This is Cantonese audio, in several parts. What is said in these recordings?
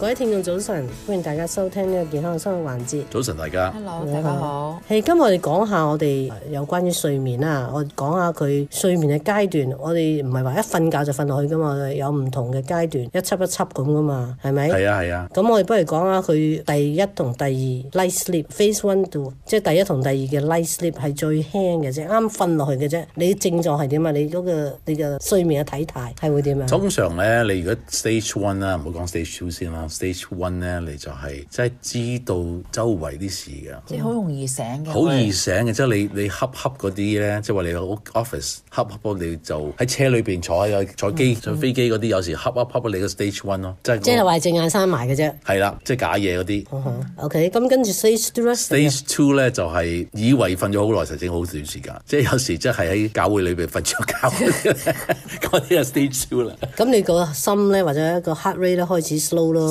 各位聽眾早晨，歡迎大家收聽呢個健康的生活環節。早晨，大家，hello，大家好。今日我哋講下我哋有關於睡眠啊。我講下佢睡眠嘅階段，我哋唔係話一瞓覺就瞓落去噶嘛，我有唔同嘅階段，一輯一輯咁噶嘛，係咪？係啊係啊。咁、啊、我哋不如講下佢第一同第二 light sleep phase one 度，即係第一同第二嘅 light sleep 係最輕嘅啫，啱瞓落去嘅啫。你啲症狀係點啊？你嗰、那個你的睡眠嘅體態係會點啊？通常呢，你如果 stage one 啦，唔好講 stage two 先啦 Stage one 咧，你就係真係知道周圍啲事嘅，嗯、即係好容易醒嘅，好易醒嘅。即係的你你恰恰嗰啲咧，即係話你個 office 恰恰波，你就喺車裏邊坐喺個坐機坐飛機嗰啲，有時恰恰恰你嘅 stage one 咯，即係即係話隻眼閂埋嘅啫，係啦，即、就、係、是、假嘢嗰啲。OK，咁跟住 stage t w o s 咧 Stage two, 麼就係以為瞓咗好耐，實整好短時間，即係有時即係喺教會裏邊瞓咗教會嗰啲 就 stage two 啦。咁、嗯、你個心咧或者一個 heart rate 咧開始 slow 咯。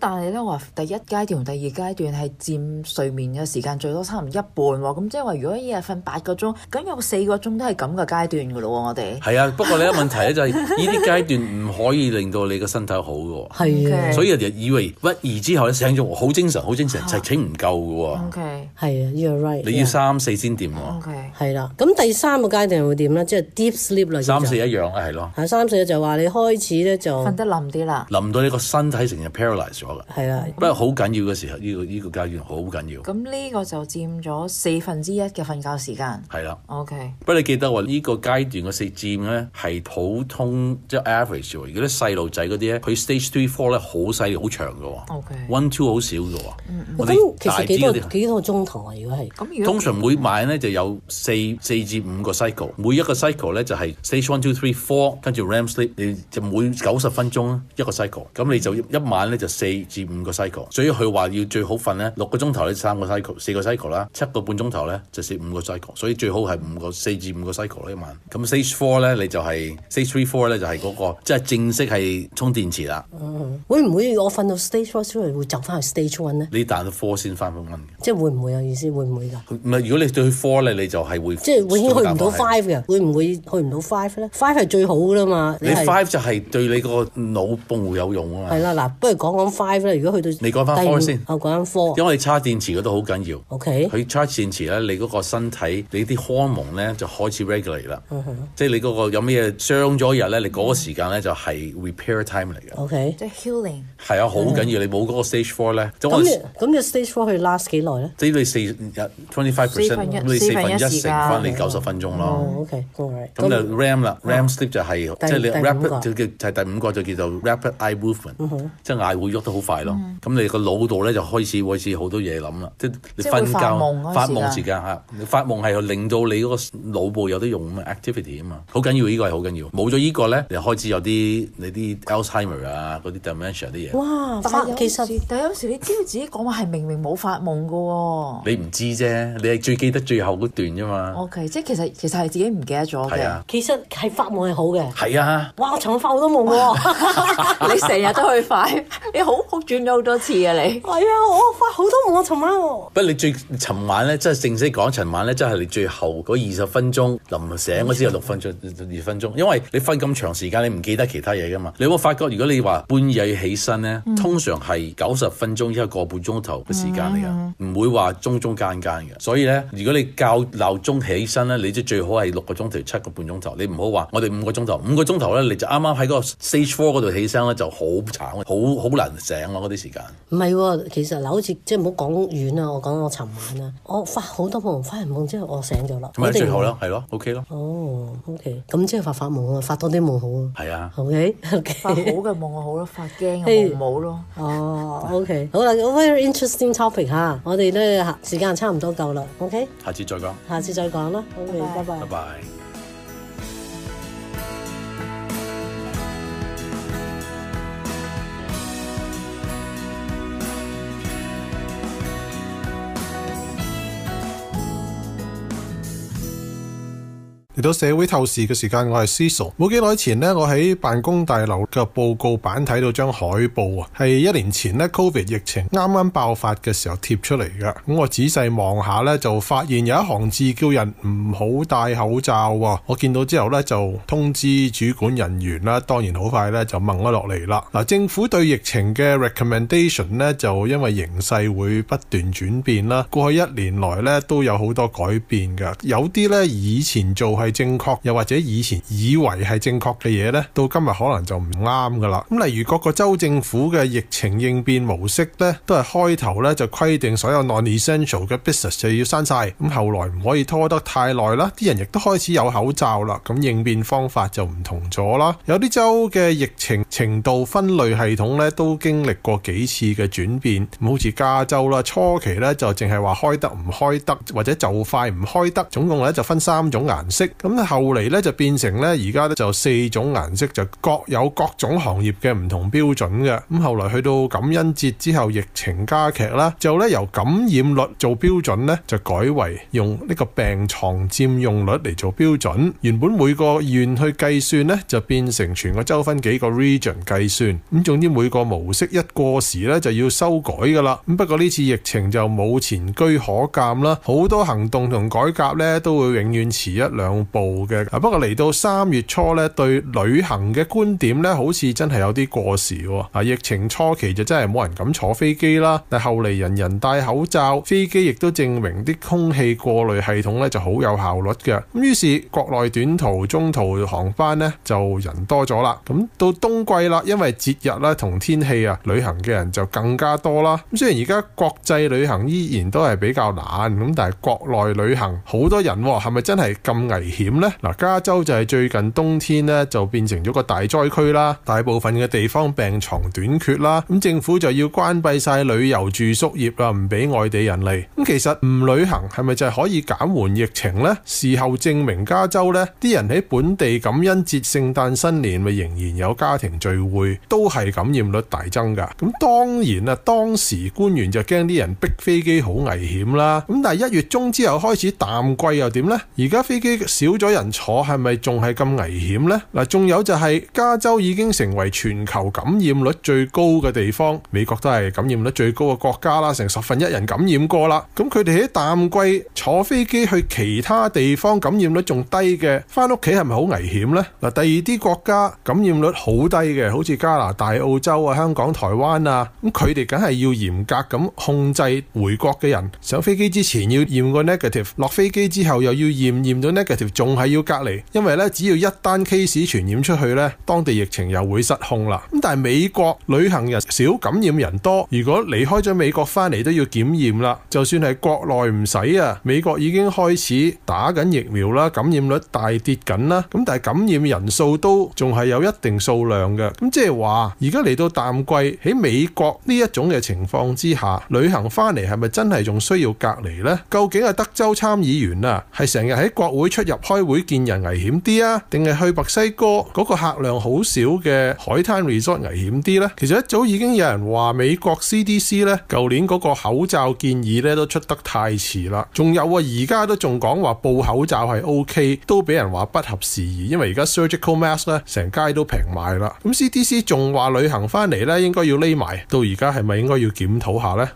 但係咧，話第一階段同第二階段係佔睡眠嘅時間最多，差唔多一半喎。咁即係話，如果一日瞓八個鐘，咁有四個鐘都係咁嘅階段噶咯喎。我哋係啊，不過你一問題咧就係呢啲階段唔可以令到你個身體好嘅，係啊。所以就以為忽而之後醒咗好精神、好精神，實情唔夠嘅喎。OK，係啊呢個你要三四先掂喎。OK，係啦。咁第三個階段會點咧？即係 deep sleep 類。三四一樣啊，係咯。三四就話你開始咧就瞓得冧啲啦，腍到你個身體成日 paralysed 喎。係啦，不過好緊要嘅時候，呢、呢個呢、呢個階段好緊要。咁呢個就佔咗四分之一嘅瞓覺時間。係啦的，OK。不過你記得喎，呢、呢個階段嘅四佔咧係普通即 average、喎、如果啲細路仔嗰啲咧，佢 stage three four 咧好細好長嘅喎。OK。One two 好少嘅喎、嗯。嗯。其實幾多幾多鐘頭啊？如果係，咁如果通常每晚咧、嗯、就有四四至五個 cycle，每一個 cycle 咧就係 stage one two three four，跟住 REM sleep，你就每九十分鐘一個 cycle，咁你就一晚咧就四至五個 cycle，所以佢話要最好瞓咧六個鐘頭咧三個 cycle，四個 cycle 啦，七個半鐘頭咧就四五個 cycle，所以最好係五個四至五個 cycle 一萬咁 stage four 咧你就係、是、stage three four 咧就係、是、嗰、那個即係、就是、正式係充電池啦。嗯，會唔會我瞓到 stage four 出嚟會走翻去 stage one 咧？你彈到 four 先翻翻 o 即係會唔會有意思？會唔會噶？唔係如果你對 four 咧，你就係會即係會，會，會去唔到 five 嘅。會唔會去唔到 five 咧？five 係最好噶啦嘛，你，是你 five 就係對你個腦部有用啊嘛。係啦，嗱，不如講講 five。如果去到你講翻 four 先，我講翻 four 因為你叉 h 電池佢都好緊要。OK，佢叉 h 電池咧，你嗰個身體，你啲荷蒙咧就開始 regulate 啦。嗯哼，即係你嗰個有咩傷咗日咧，你嗰個時間咧就係 repair time 嚟嘅。OK，即係 healing。係啊，好緊要，你冇嗰個 stage four 咧。咁咁嘅 stage four 佢 last 幾耐咧？即係四 twenty five percent，你四分一成翻你九十分鐘咯。OK，咁就 ram 啦，ram sleep 就係即係 rapid 就叫就係第五個就叫做 rapid eye movement，即係眼會喐到好。快咯，咁你個腦度咧就開始開始好多嘢諗啦。即係你瞓覺發夢時間吓，你發夢係令到你嗰個腦部有啲用啊，activity 啊嘛。好緊要呢個係好緊要，冇咗呢個咧，你開始有啲你啲 Alzheimer 啊，嗰啲 dementia 啲嘢。哇，其實但有時你知道自己講話係明明冇發夢噶。你唔知啫，你係最記得最後嗰段啫嘛。OK，即係其實其實係自己唔記得咗嘅。其實係發夢係好嘅。係啊。哇，我從發好多夢喎，你成日都去發，你好。撲轉咗好多次啊！你係啊、哎，我發好多夢尋、啊、晚喎、啊。不，你最尋晚咧，即係正式講尋晚咧，即係你最後嗰二十分鐘，臨醒嗰只有六分鐘、二 分鐘。因為你瞓咁長時間，你唔記得其他嘢噶嘛。你有冇發覺？如果你話半夜起身咧，嗯、通常係九十分鐘一個半鐘頭嘅時間嚟噶，唔、嗯嗯嗯、會話中中間間嘅。所以咧，如果你較鬧鐘起身咧，你即最好係六個鐘頭、七個半鐘頭。你唔好話我哋五個鐘頭，五個鐘頭咧你就啱啱喺嗰個 stage four 嗰度起身咧就好慘，好好難醒。醒嗰啲時間，唔係、哦，其實嗱，好似即係唔好講遠、hey oh, okay. 啊。我講我尋晚啊，我發好多夢，發完夢之後我醒咗啦。咪最好咯，係咯，OK 咯。哦，OK，咁即係發發夢啊，發多啲夢好啊。係啊 OK 發好嘅夢好咯，發驚嘅夢唔好咯。哦，OK，好啦，very interesting topic 吓，我哋咧時間差唔多夠啦，OK，下次再講，下次再講啦，好嘅，拜拜。嚟到社會透視嘅時間，我係 Cecil。冇幾耐前呢，我喺辦公大樓嘅報告板睇到張海報啊，係一年前呢，COVID 疫情啱啱爆發嘅時候貼出嚟嘅。咁我仔細望下呢，就發現有一行字叫人唔好戴口罩喎。我見到之後呢，就通知主管人員啦。當然好快呢，就掹咗落嚟啦。嗱，政府對疫情嘅 recommendation 呢，就因為形勢會不斷轉變啦。過去一年來呢，都有好多改變嘅。有啲呢，以前做係正確又或者以前以為係正確嘅嘢呢，到今日可能就唔啱噶啦。咁例如各個州政府嘅疫情應變模式呢，都係開頭呢，就規定所有 nonessential 嘅 business 就要閂晒，咁後來唔可以拖得太耐啦，啲人亦都開始有口罩啦。咁應變方法就唔同咗啦。有啲州嘅疫情程度分類系統呢，都經歷過幾次嘅轉變。好似加州啦，初期呢，就淨係話開得唔開得，或者就快唔開得。總共呢就分三種顏色。咁後嚟咧就變成咧，而家咧就四種顏色，就各有各種行業嘅唔同標準嘅。咁後來去到感恩節之後，疫情加劇啦，就咧由感染率做標準咧，就改為用呢個病床佔用率嚟做標準。原本每個縣去計算咧，就變成全個州分幾個 region 計算。咁總之每個模式一過時咧，就要修改噶啦。咁不過呢次疫情就冇前驅可鑑啦，好多行動同改革咧都會永遠遲一兩嘅啊，不過嚟到三月初咧，對旅行嘅觀點咧，好似真係有啲過時喎。啊，疫情初期就真係冇人敢坐飛機啦，但後嚟人人戴口罩，飛機亦都證明啲空氣過濾系統咧就好有效率嘅。咁於是國內短途、中途航班咧就人多咗啦。咁到冬季啦，因為節日啦同天氣啊，旅行嘅人就更加多啦。咁雖然而家國際旅行依然都係比較難，咁但係國內旅行好多人，係咪真係咁危險？點咧嗱？加州就係最近冬天咧，就變成咗個大災區啦。大部分嘅地方病床短缺啦，咁、嗯、政府就要關閉晒旅遊住宿業啊，唔俾外地人嚟。咁、嗯、其實唔旅行係咪就係可以減緩疫情呢？事後證明加州呢啲人喺本地感恩節、聖誕、新年咪仍然有家庭聚會，都係感染率大增㗎。咁、嗯、當然啦，當時官員就驚啲人逼飛機好危險啦。咁但係一月中之後開始淡季又點呢？而家飛機少。少咗人坐係咪仲係咁危險呢？嗱，仲有就係、是、加州已經成為全球感染率最高嘅地方，美國都係感染率最高嘅國家啦，成十分一人感染過啦。咁佢哋喺淡季坐飛機去其他地方感染率仲低嘅，翻屋企係咪好危險呢？嗱，第二啲國家感染率好低嘅，好似加拿大、大澳洲啊、香港、台灣啊，咁佢哋梗係要嚴格咁控制回國嘅人，上飛機之前要驗個 negative，落飛機之後又要驗，驗到 negative。仲係要隔離，因為咧只要一單 case 傳染出去咧，當地疫情又會失控啦。咁但係美國旅行人少，感染人多。如果離開咗美國翻嚟都要檢驗啦。就算係國內唔使啊，美國已經開始打緊疫苗啦，感染率大跌緊啦。咁但係感染人數都仲係有一定數量嘅。咁即係話而家嚟到淡季，喺美國呢一種嘅情況之下，旅行翻嚟係咪真係仲需要隔離呢？究竟係德州參議員啊，係成日喺國會出入，開會見人危險啲啊，定係去墨西哥嗰個客量好少嘅海灘 resort 危險啲呢？其實一早已經有人話美國 CDC 呢，舊年嗰個口罩建議呢都出得太遲啦。仲有啊，而家都仲講話布口罩係 OK，都俾人話不合時宜，因為而家 surgical mask 咧成街都平賣啦。咁 CDC 仲話旅行翻嚟呢應該要匿埋，到而家係咪應該要檢討下呢？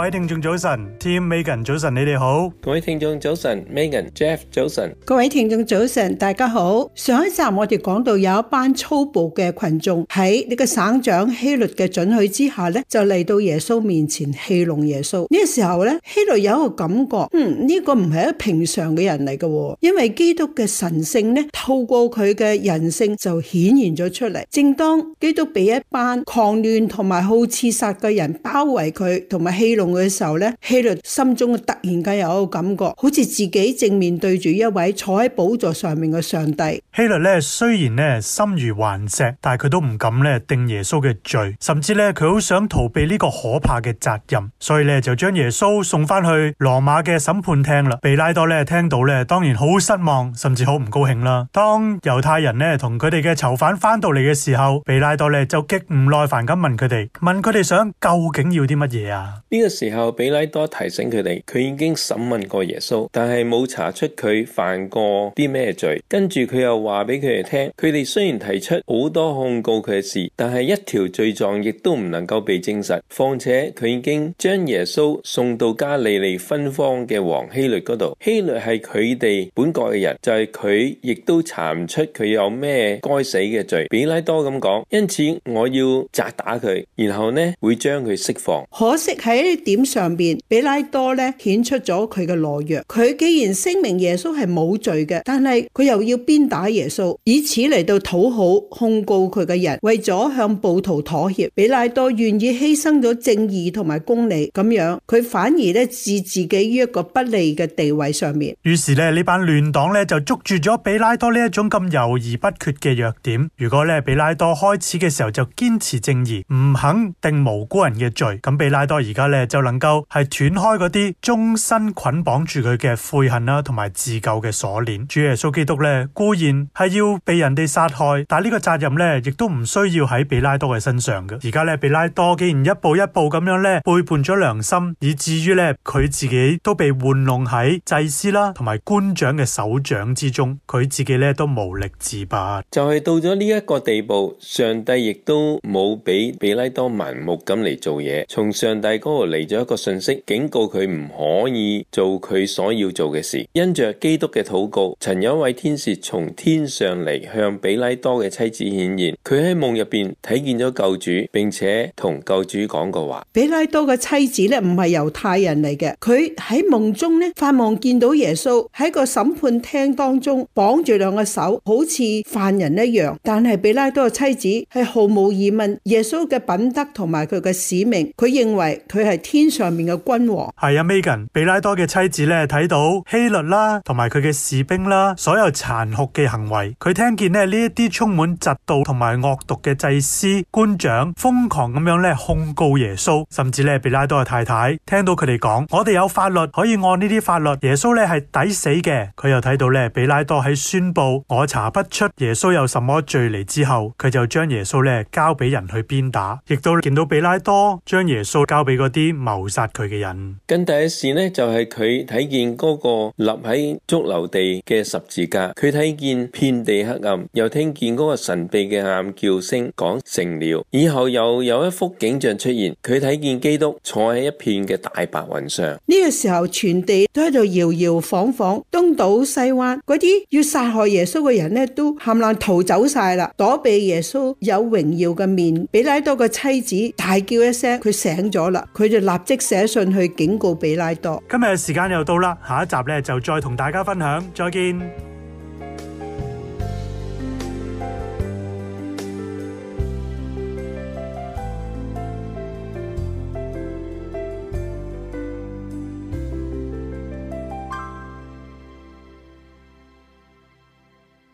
各位聽眾早晨，Tim、Megan 早晨，你哋好。各位聽眾早晨，Megan、Jeff 早晨。各位聽眾早晨，大家好。上一集我哋講到有一班粗暴嘅群眾喺呢個省長希律嘅准許之下呢，就嚟到耶穌面前戲弄耶穌。呢個時候呢，希律有一個感覺，嗯，呢個唔係一平常嘅人嚟嘅哦，因為基督嘅神性呢，透過佢嘅人性就顯現咗出嚟。正當基督俾一班狂亂同埋好刺殺嘅人包圍佢，同埋戲弄。嘅時候咧，希律心中突然間有一個感覺，好似自己正面對住一位坐喺寶座上面嘅上帝。希律咧雖然咧心如頑石，但係佢都唔敢咧定耶穌嘅罪，甚至咧佢好想逃避呢個可怕嘅責任，所以咧就將耶穌送翻去羅馬嘅審判廳啦。彼拉多咧聽到咧，當然好失望，甚至好唔高興啦。當猶太人咧同佢哋嘅囚犯翻到嚟嘅時候，彼拉多咧就極唔耐煩咁問佢哋，問佢哋想究竟要啲乜嘢啊？呢個。時候，比拉多提醒佢哋，佢已經審問過耶穌，但係冇查出佢犯過啲咩罪。跟住佢又話俾佢哋聽，佢哋雖然提出好多控告佢嘅事，但係一條罪狀亦都唔能夠被證實。況且佢已經將耶穌送到加利利分封嘅王希律嗰度，希律係佢哋本國嘅人，就係佢亦都查唔出佢有咩該死嘅罪。比拉多咁講，因此我要責打佢，然後呢會將佢釋放。可惜喺。點上邊，比拉多咧，顯出咗佢嘅懦弱。佢既然聲明耶穌係冇罪嘅，但係佢又要鞭打耶穌，以此嚟到討好控告佢嘅人，為咗向暴徒妥協，比拉多願意犧牲咗正義同埋公理，咁樣佢反而咧置自己於一個不利嘅地位上面。於是呢，這班亂呢班亂黨咧就捉住咗比拉多呢一種咁猶豫不決嘅弱點。如果咧比拉多開始嘅時候就堅持正義，唔肯定無辜人嘅罪，咁比拉多而家咧。就能夠係斷開嗰啲終身捆綁住佢嘅悔恨啦，同埋自救嘅鎖鏈。主耶穌基督咧固然係要俾人哋殺害，但係呢個責任咧亦都唔需要喺比拉多嘅身上嘅。而家咧，比拉多既然一步一步咁樣咧背叛咗良心，以至於咧佢自己都被玩弄喺祭司啦同埋官長嘅手掌之中，佢自己咧都無力自拔。就係到咗呢一個地步，上帝亦都冇俾比拉多盲目咁嚟做嘢。從上帝嗰個嚟。嚟咗一個信息，警告佢唔可以做佢所要做嘅事。因着基督嘅禱告，曾有一位天使從天上嚟向比拉多嘅妻子顯現，佢喺夢入邊睇見咗救主，並且同救主講過話。比拉多嘅妻子呢唔係猶太人嚟嘅，佢喺夢中呢發夢見到耶穌喺個審判廳當中綁住兩個手，好似犯人一樣。但係比拉多嘅妻子係毫無疑問耶穌嘅品德同埋佢嘅使命，佢認為佢係天。天上面嘅君王係啊，Megan 彼拉多嘅妻子咧睇到希律啦，同埋佢嘅士兵啦，所有殘酷嘅行為。佢聽見咧呢一啲充滿嫉妒同埋惡毒嘅祭司官長，瘋狂咁樣咧控告耶穌，甚至咧彼拉多嘅太太聽到佢哋講：我哋有法律可以按呢啲法律，耶穌咧係抵死嘅。佢又睇到咧彼拉多喺宣布我查不出耶穌有什麼罪嚟之後，佢就將耶穌咧交俾人去鞭打，亦都見到彼拉多將耶穌交俾嗰啲。謀殺佢嘅人。跟第一事咧，就係佢睇見嗰個立喺髑髏地嘅十字架。佢睇見遍地黑暗，又聽見嗰個神秘嘅喊叫聲，講成了。以後又有一幅景象出現，佢睇見基督坐喺一片嘅大白雲上。呢個時候，全地都喺度搖搖晃晃，東倒西歪。嗰啲要殺害耶穌嘅人咧，都冚唪唥逃走晒啦，躲避耶穌有榮耀嘅面。彼拉多嘅妻子大叫一聲，佢醒咗啦，佢就。立即寫信去警告比拉多。今日嘅時間又到啦，下一集咧就再同大家分享，再見。